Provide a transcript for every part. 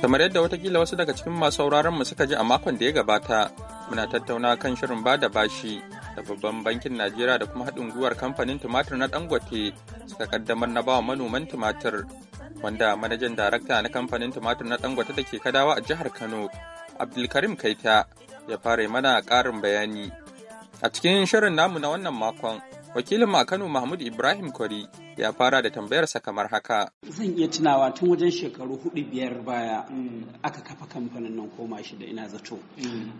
kamar yadda watakila wasu daga cikin masu sauraron mu suka ji a makon da ya gabata muna tattauna kan shirin bada bashi da babban bankin najeriya da kuma haɗin gwiwar kamfanin tumatir na dangote suka kaddamar na bawa manoman tumatir wanda manajan darakta na kamfanin tumatir na dangote da ke kadawa a jihar kano abdulkarim kaita ya fara mana ƙarin bayani a cikin shirin namu na wannan makon Wakilin Kano Mahmud Ibrahim Kwari ya fara da tambayarsa kamar haka. Zan iya tunawa tun wajen shekaru hudu biyar baya mm, aka kafa kamfanin nan koma shi da ina zato. Mm.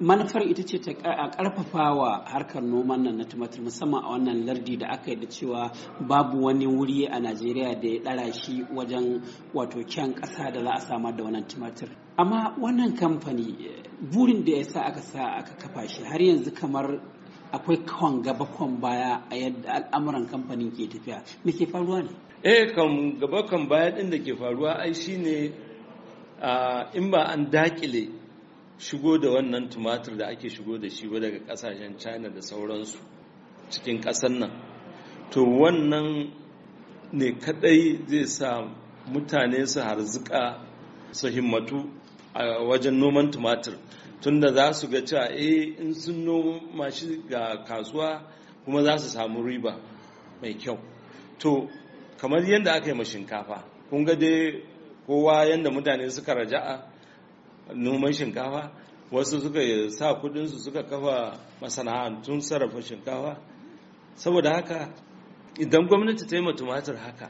Manufar ita ce ta karfafa wa harkar noman nan na tumatir musamman a wannan lardi da aka yi da cewa babu wani wuri a Najeriya da ya ɗara shi wajen wato kyan ƙasa da za a samar da wannan tumatir. Amma wannan kamfani eh, burin da ya sa aka sa aka kafa shi har yanzu kamar akwai kwan gaba kwan baya a yadda al'amuran kamfanin ke tafiya me ke faruwa ne eh kan gaba kan baya din da ke faruwa ai shine in ba an dakile shigo da wannan tumatir da ake shigo da shi ba daga kasashen china da sauransu cikin ƙasar nan to wannan ne kadai zai sa mutane su harzuka su himmatu a wajen noman tumatir tunda za su ga cewa eh in sun noma shi ga kasuwa kuma za su samu riba mai kyau to kamar yadda aka yi ma shinkafa kun ga dai kowa yadda mutane suka raja a noman shinkafa wasu suka sa kudinsu suka kafa masana'antun sarrafa shinkafa saboda haka idan gwamnati ta yi tumatir haka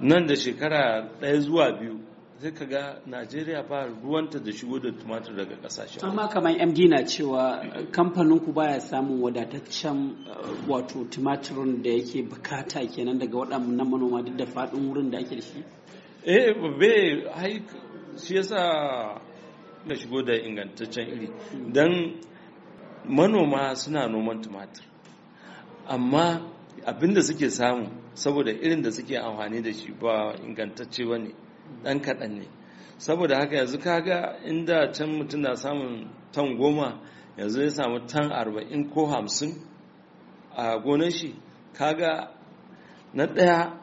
nan da shekara ɗaya zuwa biyu zai ka ga najeriya ba ruwanta da shigo da tumatir daga kasashen amma kamar md na cewa kamfanin ku baya samun wadataccen uh, wato tumatirin da yake bukata kenan daga waɗannan manoma duk da faɗin wurin da ake da shi eh babe hai shi yasa da shigo da ingantaccen iri dan manoma suna noman tumatir amma abinda suke samu saboda irin da suke amfani da shi ba ingantacce ba ne Dan kaɗan ne saboda haka yanzu kaga inda can mutum na samun tan goma yanzu ya samu tan arba'in ko hamsin a gonar shi kaga na ɗaya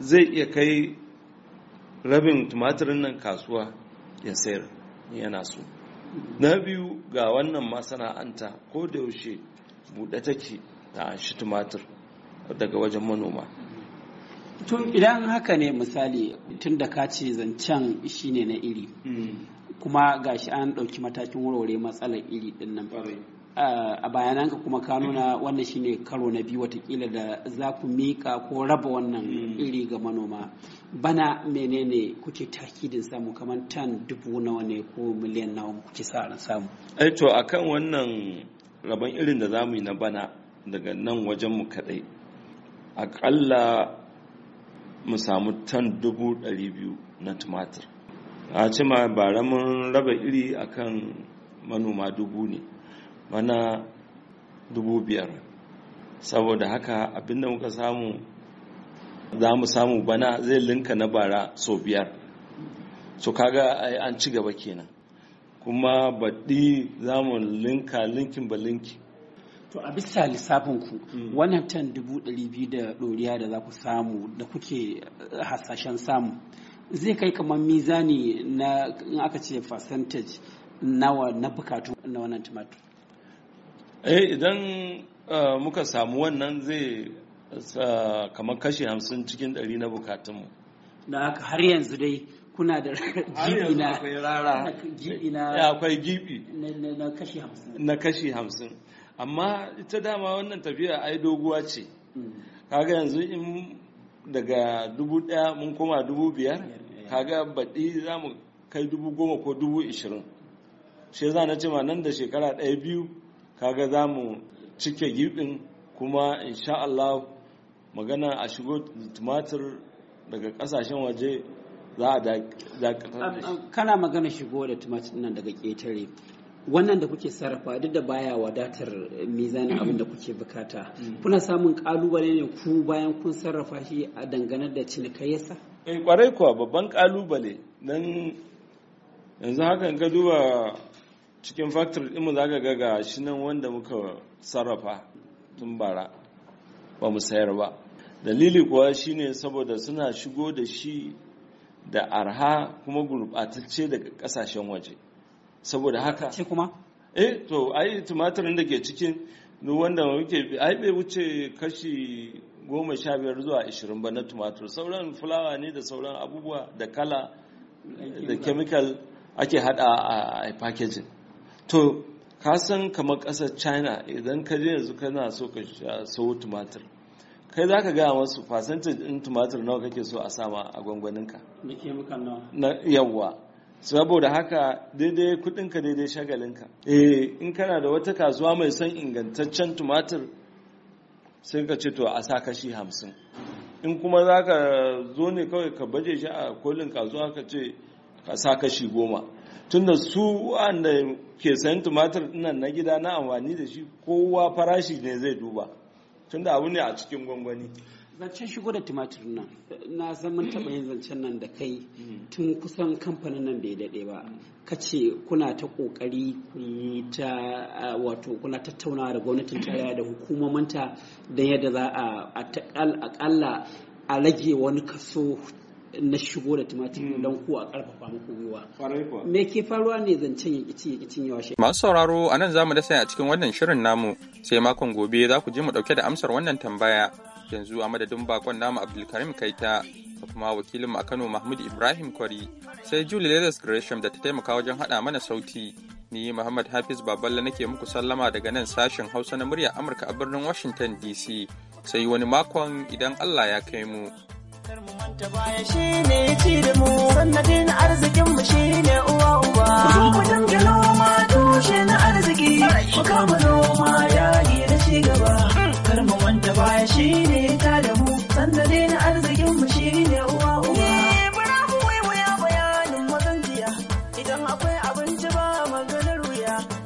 zai iya kai rabin tumatirin nan kasuwa ya sayar yana so na biyu ga wannan masana'anta ko da yaushe buɗe take ta an shi tumatir daga wajen manoma tun idan haka ne misali tun da ka ce zancen shine na iri hmm. kuma gashi an ɗauki matakin warware matsalar iri ɗin nan a bayananka kuma ka nuna wannan shine karo na biyu watakila da za ku mika ko raba wannan hmm. iri ga manoma bana menene kuke takidin samu kamar tan dubu nawa ne ko miliyan nawa kuke sa ran samu eh to akan wannan rabon irin da za mu yi na bana daga nan wajen mu kadai akalla mu samu tan dubu ɗari biyu na tumatir a ci ma bara mun raba iri akan manoma dubu ne mana dubu biyar saboda haka abinda muka samu za mu samu bana zai linka na bara sau biyar so kaga an ci gaba kenan kuma baɗi za mu linka linkin ba linkin to a bisa lissafinku mm. wannan tan dubu ɗari biyu da ɗoriya da za ku samu da kuke eh, hasashen samu zai kai kamar mizani na in aka ce percentage nawa na bukatu na wannan tumatur eh idan eh, muka samu wannan zai eh, kamar kashi hamsin cikin ɗari na bukatunmu da haka har yanzu dai kuna da gibi na akwai gibi na kashi hamsin amma ita dama wannan tafiya ai doguwa ce kaga yanzu in daga dubu daya mun koma dubu biyar kaga baɗi za mu kai dubu goma ko dubu ishirin shi za na cima nan da shekara ɗaya biyu kaga za mu cike giɓin kuma insha Allah magana a shigo tumatir daga ƙasashen waje za a kana magana shigo da tumatir nan daga ƙetare wannan da kuke sarrafa duk da baya wadatar mizanin abin da kuke bukata kuna samun kalubale ne ku bayan kun sarrafa shi a dangane da cinikayyarsa eh kwarai kuwa babban kalubale dan yanzu haka ga duba cikin factory din mu zaka ga gashi nan wanda muka sarrafa tun bara ba mu sayar ba dalili kuwa shine saboda suna shigo da shi da arha kuma gurbatacce daga kasashen waje saboda eh, haka ce kuma eh to ai tumatir da ke cikin wanda muke ai bai wuce kashi goma sha biyar zuwa ashirin ba na tumatir sauran fulawa ne da sauran abubuwa da kala da chemical ake hada a packaging to ka san kamar kasar china idan ka je yanzu kana so ka so tumatir kai za ka gaya masu fasantin tumatir nawa kake so a sama a gwangwaninka na yawwa saboda haka daidai kudinka daidai shagalinka eh in kana da wata kasuwa mai son ingantaccen tumatir sai ka ce to a sa kashi hamsin in kuma za ka zo ne kawai ka baje shi a kolin kasuwa ka ce ka sa kashi goma tunda su wanda ke sayan tumatir nan na gida na amfani da shi kowa farashi ne zai duba tunda abu ne a cikin gwangwani zancen shigo da tumatir nan na zaman taɓa yin zancen nan da kai tun kusan kamfanin nan bai daɗe ba ka ce kuna ta ƙoƙari yi ta wato kuna tattaunawa da gwamnatin tarayya da hukumomanta da yadda za a aƙalla a rage wani kaso na shigo da tumatir hmm. don ku a ƙarfafa muku gwiwa. Me ke faruwa ne zancen ya kici ya yawa shi. Masu sauraro a nan zamu dasa a cikin wannan shirin namu sai makon gobe za ku je mu ɗauke da amsar wannan tambaya yanzu a madadin bakon namu abdulkarim kaita da kuma wakilinmu a kano mahmud ibrahim kwari sai julie leathers gresham da ta taimaka wajen hada mana sauti ni muhammad hafiz baballa nake muku sallama daga nan sashen hausa na murya amurka a birnin washington dc sai wani makon idan allah ya kai mu Mu noma ya kowa shi ne ta